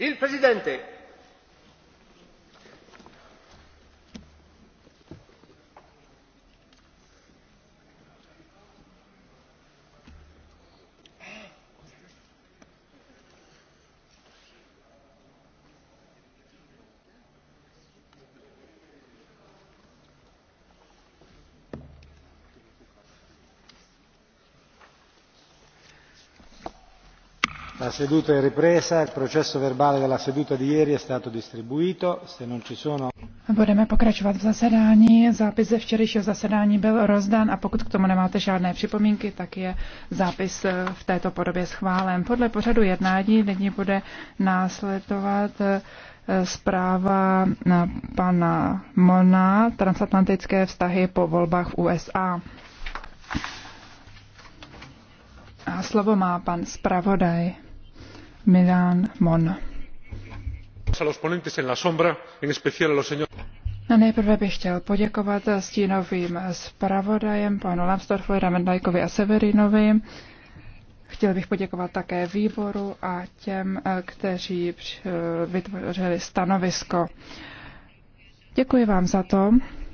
Il Presidente La seduta è ripresa, il processo verbale della seduta di ieri è stato distribuito, se non ci sono... Budeme pokračovat v zasedání, zápis ze včerejšího zasedání byl rozdán a pokud k tomu nemáte žádné připomínky, tak je zápis eh, v této podobě schválen. Podle pořadu jednání nyní bude následovat eh, zpráva na pana Mona, transatlantické vztahy po volbách v USA. A slovo má pan zpravodaj. No, nejprve bych chtěl poděkovat stínovým zpravodajům panu Lambsdorffovi, Ramendajkovi a Severinovi. Chtěl bych poděkovat také výboru a těm, eh, kteří vytvořili stanovisko. Děkuji vám za to, že jste